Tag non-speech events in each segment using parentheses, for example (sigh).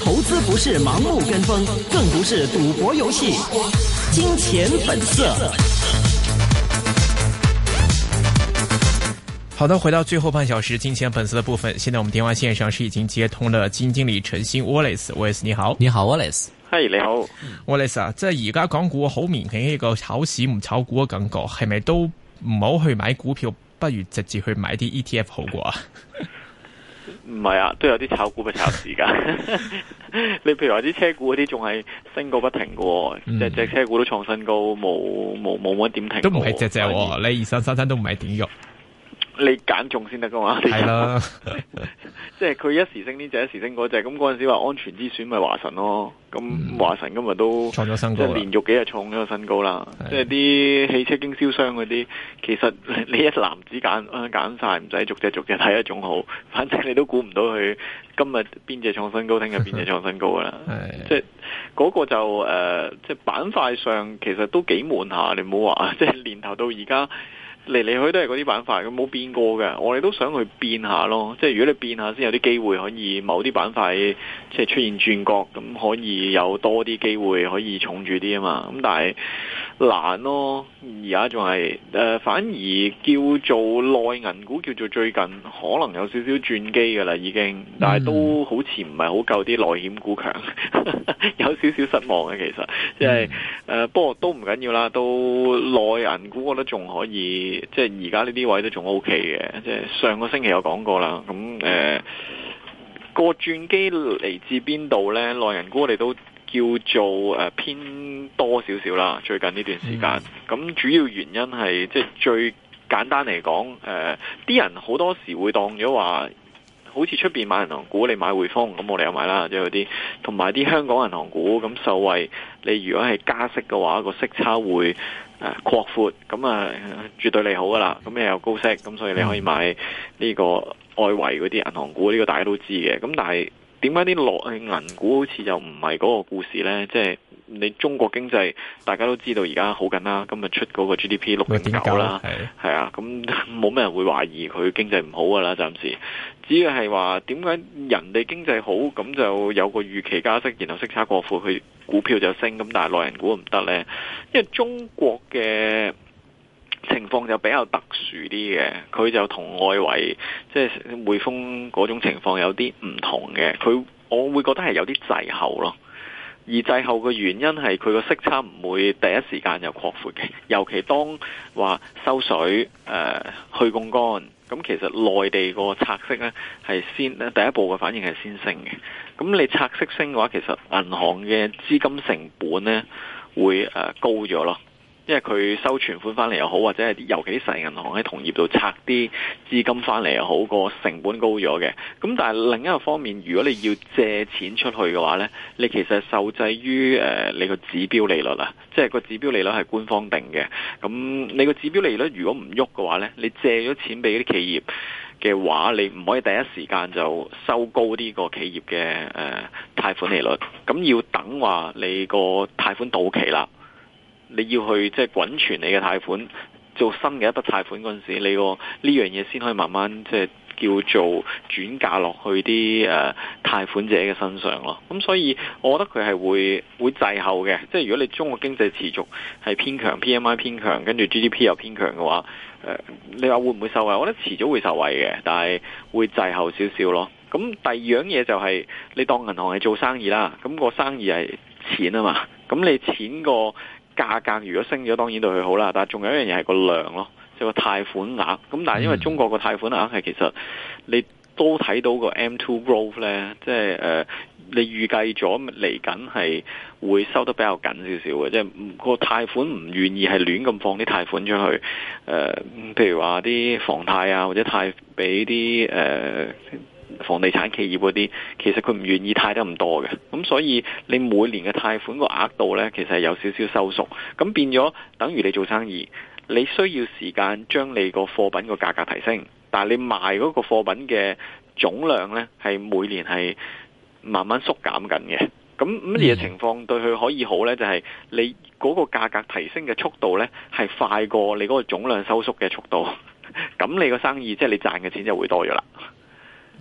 投資不是盲目跟風，更不是賭博遊戲。金錢本色。好的，回到最後半小時金錢本色的部分。現在我們電話線上是已經接通了金經理陳昕 Wallace，Wallace 你好，你好 Wallace，h 嗨你好，Wallace 啊，在而家港股好明顯，一個炒市唔炒股嘅感覺，係咪都唔好去買股票？不如直接去買啲 ETF 好啩、啊？唔 (laughs) 係啊，都有啲炒股不炒市噶。 (laughs) 你譬如話啲車股嗰啲仲係升個不停噶、哦，只隻、嗯、車股都創新高，冇冇冇乜點停。都唔係只只，是是你二三三三都唔係點用。你揀中先得噶嘛？係啦，即係佢一時升呢隻，一時升嗰隻，咁嗰陣時話安全之選咪華晨咯。咁華晨今日都創咗、嗯、新高，即係連續幾日創咗新高啦。是的 即係啲汽車經銷商嗰啲，其實你一籃子揀啊，揀晒唔使逐隻逐隻睇一種好，反正你都估唔到佢今日邊隻創新高，聽日邊隻創新高噶啦是的、那個呃。即係嗰個就誒，即係板塊上其實都幾悶下，你唔好話即係年頭到而家。嚟嚟去都係嗰啲板塊，佢冇變過嘅。我哋都想去變下咯，即係如果你變下先有啲機會可以某啲板塊即係出現轉角，咁可以有多啲機會可以重住啲啊嘛。咁但係難咯，而家仲係，誒、呃、反而叫做內銀股叫做最近可能有少少轉機噶啦，已經，但係都好似唔係好夠啲內險股強， (laughs) 有少少失望嘅其實，即係誒不過都唔緊要啦。都內銀股，我覺得仲可以。即係而家呢啲位都仲 O K 嘅，即係上個星期有講過啦。咁誒個轉機嚟自邊度呢？內銀股我哋都叫做誒、呃、偏多少少啦。最近呢段時間，咁主要原因係即係最簡單嚟講，誒、呃、啲人好多時會當咗話。好似出邊買銀行股，你買匯豐咁，我哋有買啦，即係嗰啲，同埋啲香港銀行股咁受惠。你如果係加息嘅話，個息差會誒擴闊，咁啊絕對利好噶啦。咁你有高息，咁所以你可以買呢個外圍嗰啲銀行股，呢個大家都知嘅。咁但係。點解啲內銀股好似又唔係嗰個故事呢？即係你中國經濟大家都知道而家好緊啦，今日出嗰個 GDP 六點九啦，係啊，咁冇咩人會懷疑佢經濟唔好噶啦，暫時只要係話，點解人哋經濟好咁就有個預期加息，然後息差過闊，佢股票就升，咁但係內銀股唔得呢？因為中國嘅。情況就比較特殊啲嘅，佢就同外圍即係匯豐嗰種情況有啲唔同嘅。佢我會覺得係有啲滯後咯，而滯後嘅原因係佢個息差唔會第一時間就擴闊嘅，尤其當話收水誒、呃、去供乾，咁其實內地個拆息呢係先第一步嘅反應係先升嘅。咁你拆息升嘅話，其實銀行嘅資金成本呢會誒、呃、高咗咯。因為佢收存款翻嚟，又好，或者係尤其啲細銀行喺同業度拆啲資金翻嚟，又好，個成本高咗嘅。咁但係另一個方面，如果你要借錢出去嘅話呢，你其實受制於誒你個指標利率啦，即係個指標利率係官方定嘅。咁你個指標利率如果唔喐嘅話呢，你借咗錢俾啲企業嘅話，你唔可以第一時間就收高呢個企業嘅誒貸款利率。咁要等話你個貸款到期啦。你要去即係滾存你嘅貸款，做新嘅一筆貸款嗰陣時，你個呢樣嘢先可以慢慢即係叫做轉嫁落去啲誒貸款者嘅身上咯。咁、嗯、所以我覺得佢係會會滯後嘅。即係如果你中國經濟持續係偏強，P M I 偏強，跟住 G D P 又偏強嘅話，呃、你話會唔會受惠？我覺得遲早會受惠嘅，但係會滯後少少咯。咁、嗯、第二樣嘢就係、是、你當銀行係做生意啦，咁個生意係錢啊嘛，咁你錢個。價格如果升咗，當然對佢好啦。但係仲有一樣嘢係個量咯，即係個貸款額。咁但係因為中國個貸款額係其實你都睇到個 M two growth 咧，即係誒你預計咗嚟緊係會收得比較緊少少嘅，即係個貸款唔願意係亂咁放啲貸款出去。誒，譬如話啲房貸啊，或者貸俾啲誒。房地產企業嗰啲，其實佢唔願意貸得咁多嘅，咁所以你每年嘅貸款個額度呢，其實係有少少收縮，咁變咗等於你做生意，你需要時間將你個貨品個價格提升，但係你賣嗰個貨品嘅總量呢，係每年係慢慢縮減緊嘅。咁乜嘢情況對佢可以好呢？就係你嗰個價格提升嘅速度呢，係快過你嗰個總量收縮嘅速度，咁你個生意即係你賺嘅錢就會多咗啦。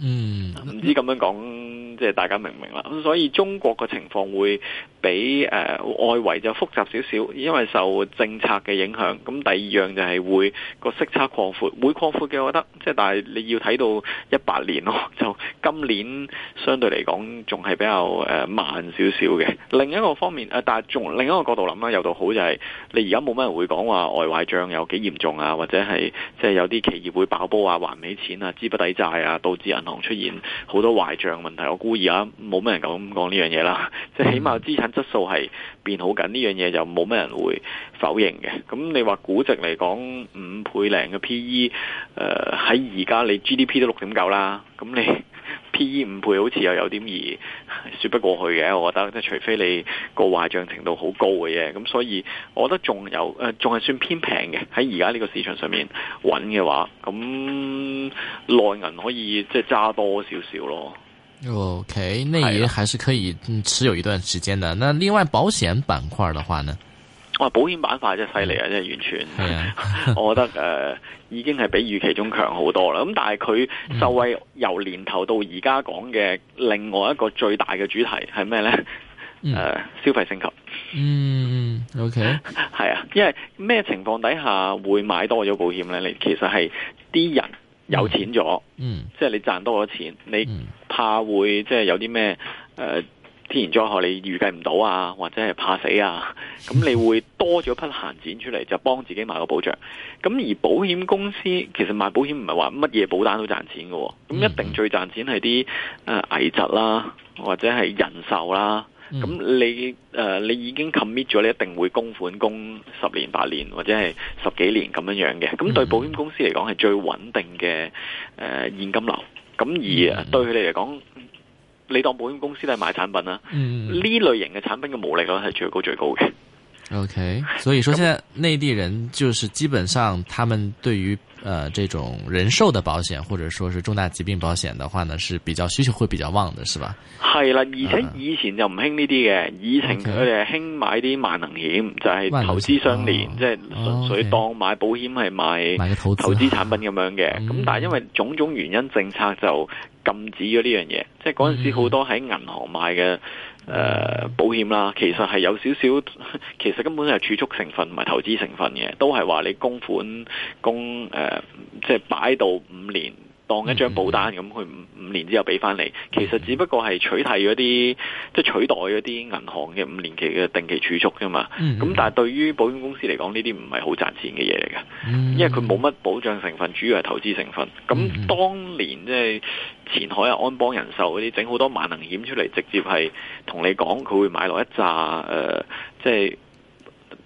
嗯，唔知咁樣講，即係大家明唔明啦？咁所以中國嘅情況會比誒、呃、外圍就複雜少少，因為受政策嘅影響。咁第二樣就係會個息差擴闊，會擴闊嘅。我覺得即係，但係你要睇到一百年咯。就今年相對嚟講，仲係比較誒慢少少嘅。另一個方面誒、呃，但係仲另一個角度諗咧，有度好就係、是、你而家冇乜人會講話外壞賬有幾嚴重啊，或者係即係有啲企業會爆煲啊，還唔起錢啊，資不抵債啊，導致銀。出現好多壞賬問題，我估而家冇乜人咁講呢樣嘢啦，即係起碼資產質素係變好緊，呢樣嘢就冇乜人會否認嘅。咁你話估值嚟講五倍零嘅 PE，誒喺而家你 GDP 都六點九啦，咁你。P/E 五倍好似又有，有啲而說不過去嘅，我覺得即係除非你個壞賬程度好高嘅嘢，咁所以我覺得仲有誒，仲、呃、係算偏平嘅，喺而家呢個市場上面揾嘅話，咁內銀可以即係揸多少少咯。OK，內銀還是可以持有一段時間嘅。的那另外保險板塊嘅話呢？我保險板塊真係犀利啊！真係完全，Yeah. (laughs) 我覺得誒、呃，已經係比預期中強好多啦。咁但係佢就為由年頭到而家講嘅另外一個最大嘅主題係咩呢？呃、消費升級。嗯、mm，OK，係 (laughs) 啊。因為咩情況底下會買多咗保險呢？你其實係啲人有錢咗，嗯，mm. 即係你賺多咗錢，你怕會即係有啲咩誒？呃自然災害你預計唔到啊，或者係怕死啊，咁 (laughs) 你會多咗筆閒錢出嚟就幫自己買個保障。咁而保險公司其實賣保險唔係話乜嘢保單都賺錢嘅、哦，咁一定最賺錢係啲誒危疾啦，或者係人壽啦。咁 (laughs) 你誒、呃、你已經 commit 咗，你一定會供款供十年八年或者係十幾年咁樣樣嘅。咁對保險公司嚟講係最穩定嘅誒、呃、現金流。咁而對佢哋嚟講，你當保險公司都係賣產品啦，嗯，呢類型嘅產品嘅毛利率係最高最高嘅。OK，所以說現在內地人就是基本上，他們對於。誒、呃，這種人壽的保險或者說是重大疾病保險的話呢，是比較需求會比較旺的，是吧？係啦，而且，呃、以前就唔興呢啲嘅，以前佢哋係興買啲萬能險，就係、是，投資相連，即係純粹當買保險係買、哦，okay, 資買個投資產品咁樣嘅。咁，啊嗯，但係因為種種原因，政策就禁止咗呢樣嘢，即係嗰陣時好多喺銀行買嘅。誒、呃，保險啦，其實係有少少，其實根本係儲蓄成分唔係投資成分嘅，都係話你供款供誒，即係擺到五年。當一張保單咁，佢五五年之後俾翻你。其實只不過係取替咗啲，即係取代咗啲銀行嘅五年期嘅定期儲蓄噶嘛。咁、嗯嗯、但係對於保險公司嚟講，呢啲唔係好賺錢嘅嘢嚟嘅，因為佢冇乜保障成分，主要係投資成分。咁當年即係前海啊、安邦人壽嗰啲整好多萬能險出嚟，直接係同你講佢會買落一扎誒、呃，即係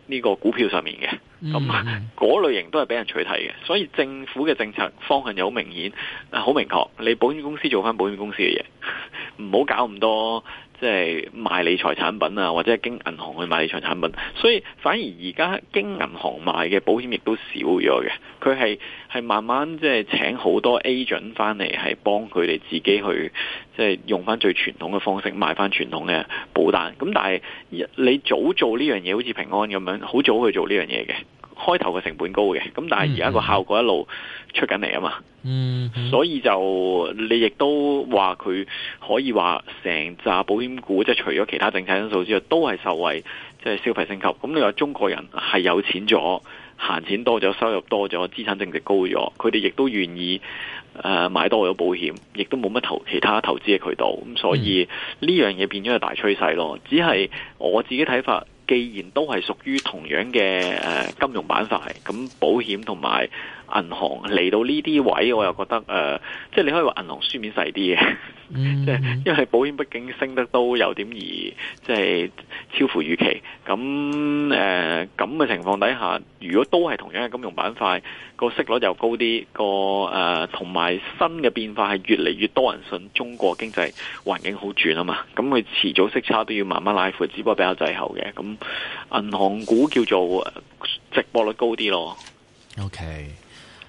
呢、這個股票上面嘅。咁嗰、嗯、類型都係俾人取替嘅，所以政府嘅政策方向又好明顯，好明確。你保險公司做翻保險公司嘅嘢，唔好搞咁多。即係賣理財產品啊，或者經銀行去賣理財產品，所以反而而家經銀行賣嘅保險亦都少咗嘅。佢係係慢慢即係請好多 agent 翻嚟，係幫佢哋自己去即係用翻最傳統嘅方式賣翻傳統嘅保單。咁但係你早做呢樣嘢，好似平安咁樣，好早去做呢樣嘢嘅。開頭嘅成本高嘅，咁但係而家個效果一路出緊嚟啊嘛，嗯嗯、所以就你亦都話佢可以話成紮保險股，即係除咗其他政策因素之外，都係受惠，即、就、係、是、消費升級。咁你話中國人係有錢咗，閒錢多咗，收入多咗，資產淨值高咗，佢哋亦都願意誒、呃、買多咗保險，亦都冇乜投其他投資嘅渠道，咁所以呢、嗯、樣嘢變咗個大趨勢咯。只係我自己睇法。既然都係屬於同樣嘅誒金融板塊，咁保險同埋。銀行嚟到呢啲位，我又覺得誒、呃，即係你可以話銀行輸面細啲嘅，即係、mm hmm. 因為保險畢竟升得都有點易，即係超乎預期。咁誒咁嘅情況底下，如果都係同樣嘅金融板塊，個息率又高啲，個誒同埋新嘅變化係越嚟越多人信中國經濟環境好轉啊嘛。咁佢遲早息差都要慢慢拉闊，只不過比較滯後嘅。咁銀行股叫做值博率高啲咯。OK。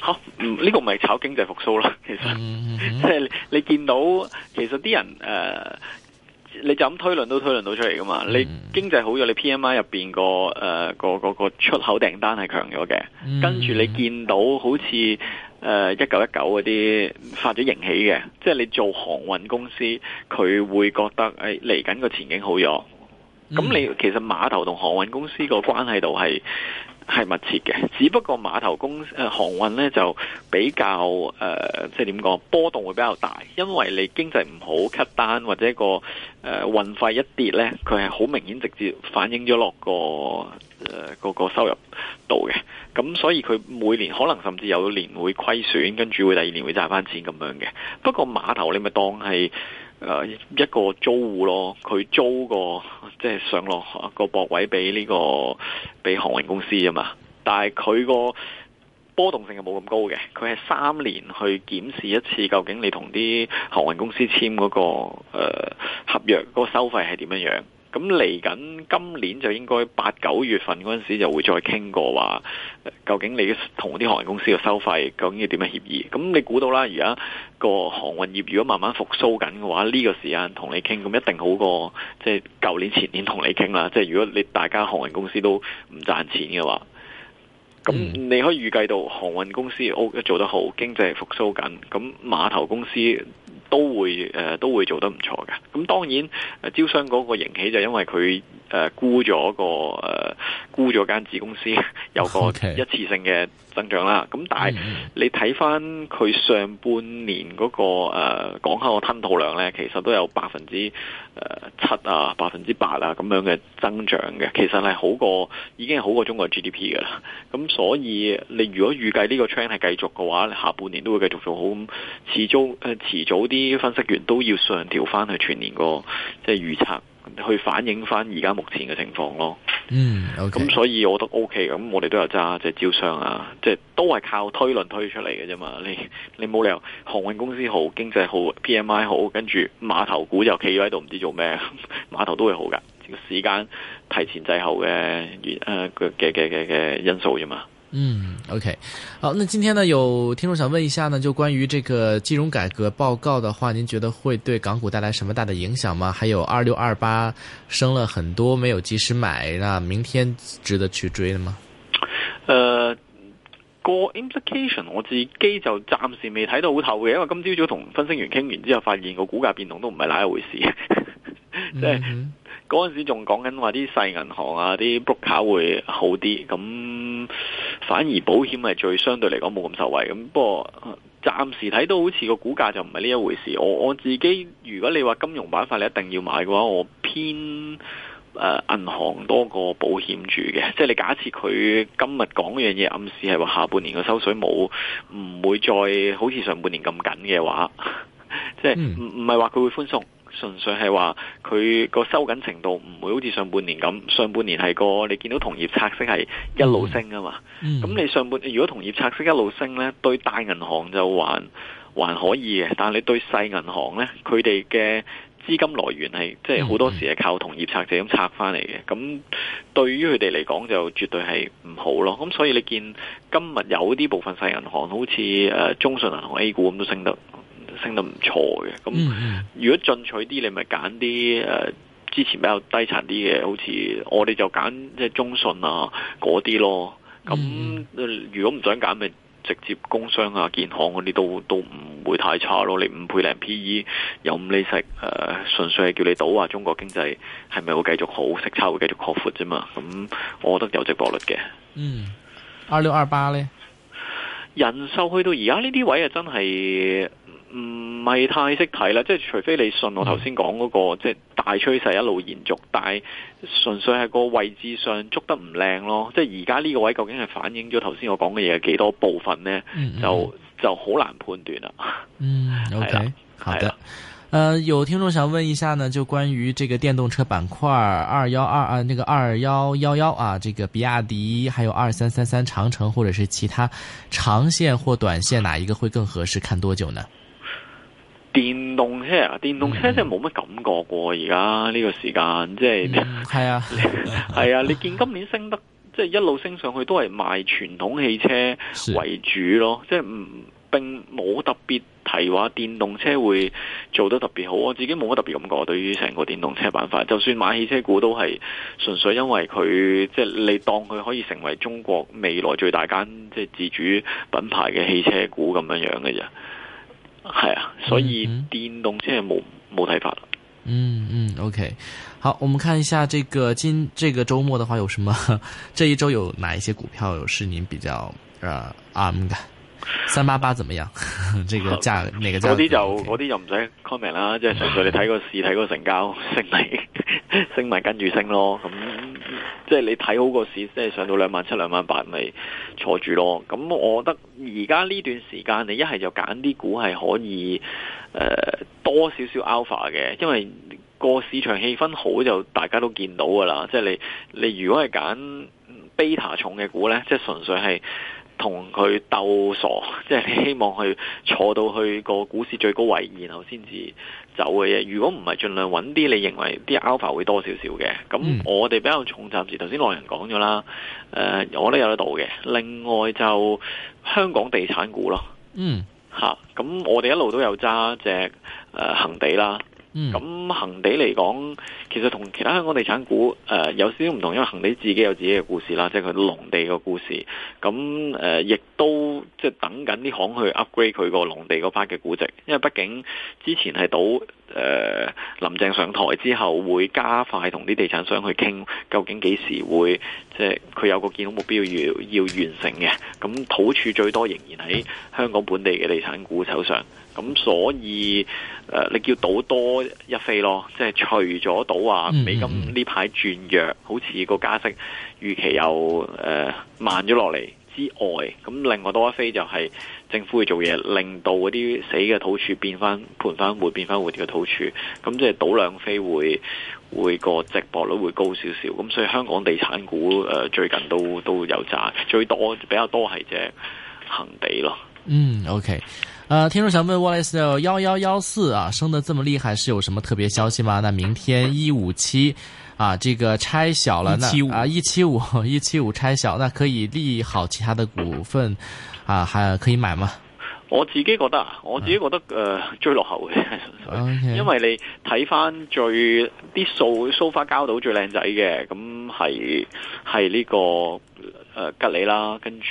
呢、oh, 個唔係炒經濟復蘇啦，其實、mm hmm. 即係你見到，其實啲人誒、呃，你就咁推論都推論到出嚟噶嘛？Mm hmm. 你經濟好咗，你 P M I 入邊個誒，個、呃、個出口訂單係強咗嘅，跟住、mm hmm. 你見到好似誒一九一九嗰啲發咗型起嘅，即係你做航運公司，佢會覺得誒嚟緊個前景好咗。咁你、mm hmm. 其實碼頭同航運公司個關係度係。係密切嘅，只不過碼頭公誒、啊、航運呢就比較誒、呃，即係點講？波動會比較大，因為你經濟唔好 cut 單或者個誒運費一跌呢，佢係好明顯直接反映咗落個誒嗰、呃、個，個收入度嘅。咁所以佢每年可能甚至有年會虧損，跟住會第二年會賺翻錢咁樣嘅。不過碼頭你咪當係。誒、呃、一個租戶咯，佢租個即係上落個泊位俾呢個俾航運公司啊嘛，但係佢個波動性係冇咁高嘅，佢係三年去檢視一次，究竟你同啲航運公司簽嗰個、呃、合約嗰個收費係點樣樣？咁嚟緊今年就應該八九月份嗰陣時就會再傾過話，究竟你同啲航運公司嘅收費究竟要點樣協議？咁你估到啦，而家個航運業如果慢慢復甦緊嘅話，呢、這個時間同你傾，咁一定好過即係舊年、前年同你傾啦。即係如果你大家航運公司都唔賺錢嘅話，咁、嗯、你可以預計到航運公司 O 做得好，經濟復甦緊，咁碼頭公司。都會誒、呃、都會做得唔錯嘅，咁、嗯、當然誒招商嗰個盈喜就因為佢。誒、呃、沽咗個誒、呃、沽咗間子公司， (laughs) 有一個一次性嘅增長啦。咁 Okay. 但係你睇翻佢上半年嗰、那個誒、呃、港口嘅吞吐量咧，其實都有百分之誒七啊、百分之八啊咁樣嘅增長嘅。其實係好過已經係好過中國 GDP 嘅啦。咁所以你如果預計呢個趨勢係繼續嘅話，你下半年都會繼續做好。遲早誒遲、呃、早啲分析員都要上調翻去全年個即係預測。去反映翻而家目前嘅情況咯，嗯，咁、okay. 嗯、所以我都 O K，咁我哋都有揸即係招商啊，即、就、係、是、都係靠推論推出嚟嘅啫嘛，你你冇理由航運公司好，經濟好，P M I 好，跟住碼頭股就企咗喺度唔知做咩，碼 (laughs) 頭都會好噶，時間提前滯後嘅原誒嘅嘅嘅嘅因素啫嘛。嗯，OK，好，那今天呢有聽眾想問一下呢，就關於這個金融改革報告的話，您覺得會對港股帶來什麼大的影響嗎？還有二六二八升了很多，沒有及時買，那明天值得去追嘅嗎？呃，個 implication 我自己就暫時未睇到好透嘅，因為今朝早同分析員傾完之後，發現個股價變動都唔係那一回事。 (noise) 即係嗰陣時仲講緊話啲細銀行啊啲 book 卡會好啲，咁、 (noise) 啊、反而保險係最相對嚟講冇咁受惠。咁不過暫時睇到好似個股價就唔係呢一回事。我我自己如果你話金融板塊你一定要買嘅話，我偏誒、呃、銀行多過保險住嘅。即係你假設佢今日講嘅樣嘢暗示係話下半年個收水冇唔會再好似上半年咁緊嘅話，即係唔唔係話佢會寬鬆。純粹係話佢個收緊程度唔會好似上半年咁，上半年係個你見到同業拆息係一路升啊嘛。咁、嗯、你上半如果同業拆息一路升呢，對大銀行就還還可以嘅，但係你對細銀行呢，佢哋嘅資金來源係即係好多時係靠同業拆借咁拆翻嚟嘅。咁、嗯、對於佢哋嚟講就絕對係唔好咯。咁所以你見今日有啲部分細銀行好似誒中信銀行 A 股咁都升得。升得唔錯嘅，咁如果進取啲，你咪揀啲誒之前比較低殘啲嘅，好似我哋就揀即係中信啊嗰啲咯。咁如果唔想揀，咪直接工商啊、建行嗰啲都都唔會太差咯。你五倍零 P E，有五厘息，誒、呃，純粹係叫你賭啊，中國經濟係咪會繼續好，息差會繼續擴闊啫嘛。咁我覺得有值博率嘅。嗯，二六二八咧，人壽去到而家呢啲位啊，真係。唔係、嗯、太識睇啦，即係除非你信我頭先講嗰個，即係、嗯、大趨勢一路延續，但係純粹係個位置上捉得唔靚咯。即係而家呢個位究竟係反映咗頭先我講嘅嘢幾多部分呢？嗯嗯就就好難判斷啦。嗯，okay (laughs) 了好的，誒、呃，有聽眾想問一下呢，就關於這個電動車板塊二幺二啊，那個二幺幺幺啊，這個比亞迪，還有二三三三長城，或者是其他長線或短線，哪一個會更合適？看多久呢？電動車啊，電動車真係冇乜感覺噶，而家呢個時間，即係，係啊，係啊，你見今年升得即係、就是、一路升上去，都係賣傳統汽車為主咯，是即係唔並冇特別提話電動車會做得特別好。我自己冇乜特別感覺，對於成個電動車板塊，就算買汽車股都係純粹因為佢即係你當佢可以成為中國未來最大間即係自主品牌嘅汽車股咁樣樣嘅啫。係啊，所以電動車係冇冇睇法。嗯嗯，OK，好，我們看一下這個今這個周末的話有什麼？這一周有哪一些股票有是您比較、呃、啊啱嘅？三八八怎麼樣？ (laughs) (laughs) 呢啲就嗰啲就唔使 comment 啦，即係純粹你睇個市睇個成交升咪升咪跟住升咯，咁即係你睇好個市，即係上到兩萬七兩萬八咪坐住咯。咁我覺得而家呢段時間你一係就揀啲股係可以誒、呃、多少少 alpha 嘅，因為個市場氣氛好就大家都見到噶啦，即係你你如果係揀 beta 重嘅股呢，即係純粹係。同佢鬥傻，即係你希望佢坐到去個股市最高位，然後先至走嘅嘢。如果唔係，儘量揾啲你認為啲 alpha 會多少少嘅。咁我哋比較重暫時，頭先浪人講咗啦。我都有得到嘅。另外就香港地產股咯。嗯。嚇、啊！咁我哋一路都有揸隻誒恒地啦。咁恒、嗯、地嚟講，其實同其他香港地產股誒、呃、有少少唔同，因為恒地自己有自己嘅故事啦，即係佢農地嘅故事。咁誒，亦、嗯呃、都即係等緊啲行去 upgrade 佢個農地嗰 part 嘅估值，因為畢竟之前係到誒、呃、林鄭上台之後，會加快同啲地產商去傾究竟幾時會即係佢有個建屋目標要要完成嘅。咁土處最多仍然喺香港本地嘅地產股手上。嗯咁、嗯、所以，誒、呃、你叫賭多一飛咯，即係除咗賭啊美金呢排轉弱，好似個加息預期又誒、呃、慢咗落嚟之外，咁另外多一飛就係政府會做嘢，令到嗰啲死嘅土儲變翻盤翻活，變翻活嘅土儲，咁即係賭兩飛會會個值博率會高少少，咁所以香港地產股誒、呃、最近都有都有賺，最多比較多係隻恆地咯。嗯，OK。誒、呃，聽眾想問 Wallace 幺幺幺四啊，升得這麼厲害，是有什麼特別消息嗎？那明天一五七，啊，這個拆小了，一七五，一七五，一七五， (laughs) 一七五拆小，那可以利好其他的股份，啊，還、啊、可以買嗎我？我自己覺得啊，我自己覺得誒最落後嘅， (laughs) 因為你睇翻最啲數 So far 交到最靚仔嘅，咁係係呢個。呃、吉利啦，跟住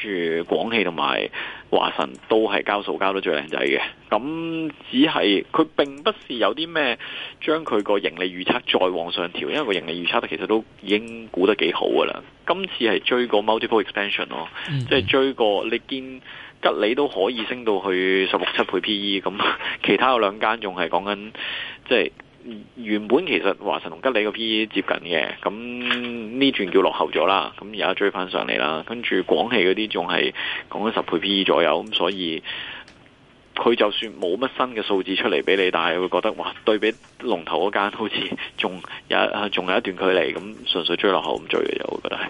廣汽同埋華晨都係交數交得最靚仔嘅，咁、嗯、只係佢並不是有啲咩將佢個盈利預測再往上調，因為個盈利預測其實都已經估得幾好噶啦。今次係追過 multiple expansion 咯，即係追過你見吉利都可以升到去十六七倍 PE，咁、嗯、其他有兩間仲係講緊即係。原本其實華晨同吉利個 P E 接近嘅，咁呢轉叫落後咗啦，咁而家追翻上嚟啦。跟住廣汽嗰啲仲係講緊十倍 P E 左右，咁所以佢就算冇乜新嘅數字出嚟俾你，但係會覺得哇，對比龍頭嗰間好似仲有仲有一段距離，咁純粹追落後咁追嘅啫，我覺得係。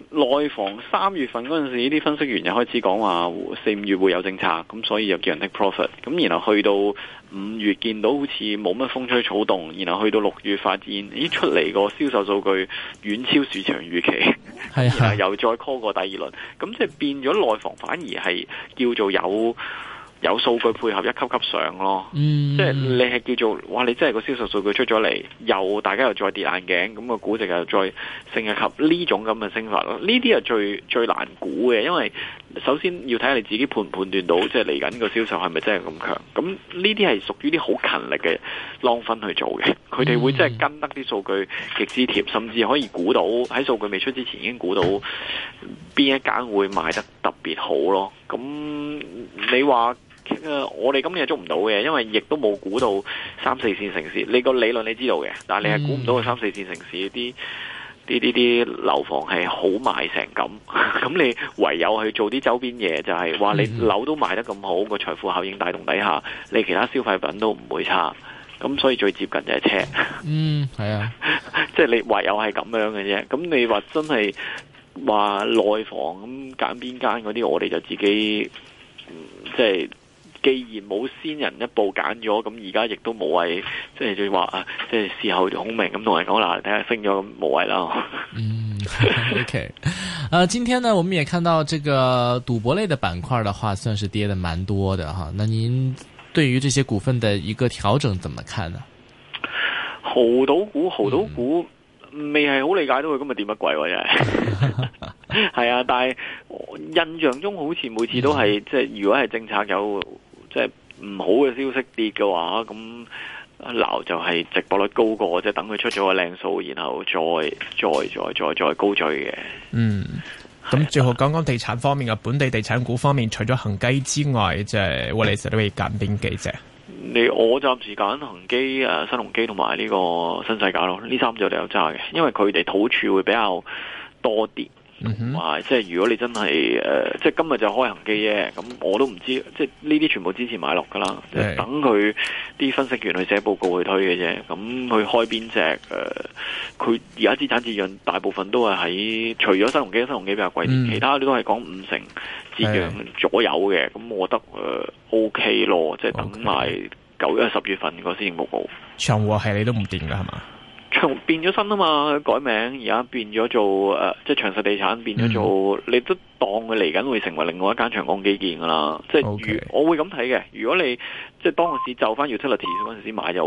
內房三月份嗰陣時呢啲分析員又開始講話四五月會有政策，咁所以又叫人 take profit。咁然後去到五月見到好似冇乜風吹草動，然後去到六月發現咦出嚟個銷售數據遠超市場預期，係啊，又再 call 過第二輪，咁即係變咗內房反而係叫做有。有數據配合一級級上咯，嗯、即係你係叫做哇！你真係個銷售數據出咗嚟，又大家又再跌眼鏡，咁、個估值又再升一級，日吸呢種咁嘅升法咯。呢啲係最最難估嘅，因為首先要睇下你自己判唔判斷到，即係嚟緊個銷售係咪真係咁強？咁呢啲係屬於啲好勤力嘅 Long Fund 去做嘅，佢哋會真係跟得啲數據極之貼，甚至可以估到喺數據未出之前已經估到邊一間會賣得特別好咯。咁你話？啊！我哋今日捉唔到嘅，因為亦都冇估到三四綫城市。你個理論你知道嘅，但係你係估唔到去三四綫城市啲啲啲樓房係好賣成咁。咁、嗯、 (laughs) 你唯有去做啲周邊嘢，就係、是、話你樓都賣得咁好，個財富效應帶動底下，你其他消費品都唔會差。咁所以最接近就係車。嗯，係啊，即係 (laughs) 你唯有係咁樣嘅啫。咁你話真係話內房咁揀邊間嗰啲，我哋就自己即係。既然冇先人一步揀咗，咁而家亦都冇謂，即係即話啊，即係事後孔明咁同人講啦，睇下升咗咁冇謂啦。嗯，OK， (laughs) 啊，今天呢，我們也看到這個賭博類的板塊的話，算是跌得蠻多的哈。那您對於這些股份的一個調整怎麼看呢？濠賭股，濠賭股未係好理解到佢今日點乜鬼真係？係啊，但係印象中好似每次都係即係，如果係政策有。即係唔好嘅消息跌嘅話，咁撈就係、是、值博率高過，即係等佢出咗個靚數，然後再再再再再高聚嘅。嗯，咁最後講講地產方面嘅本地地產股方面，除咗恒基之外，即係我哋實都可以揀邊幾隻？你，你我暫時揀恒、啊、基、誒新鴻基同埋呢個新世界咯，呢三隻我哋有揸嘅，因為佢哋土儲會比較多啲。同埋，即係如果你真係誒、呃，即係今日就開行機啫，咁我都唔知，即係呢啲全部支持買落噶啦，的就等佢啲分析員去寫報告去推嘅啫。咁佢開邊隻誒？佢而家資產折讓大部分都係喺，除咗新鴻基，新鴻基比較貴啲，嗯、其他啲都係講五成折讓左右嘅。咁的我覺得誒 O K 咯，即係等埋九月十月份嘅施政報告。Okay. 長和係你都唔掂㗎係嘛？從變咗身啊嘛，改名而家變咗做誒、呃，即係長實地產變咗做，嗯、你都當佢嚟緊會成為另外一間長江基建噶啦，即係 Okay. 如我會咁睇嘅。如果你即係當個市就翻，utility 嗰陣時買又。